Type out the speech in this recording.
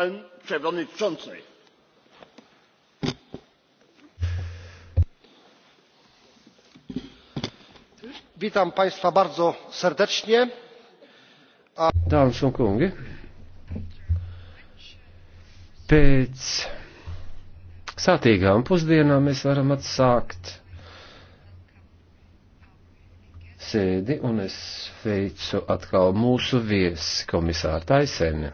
pan przewodniczący! witam państwa bardzo serdecznie. dāmas un kungi pēc sātīgām pusdienām mēs varam atsākt sēdi un es sveicu atkal mūsu viesi komisāru Taiseni.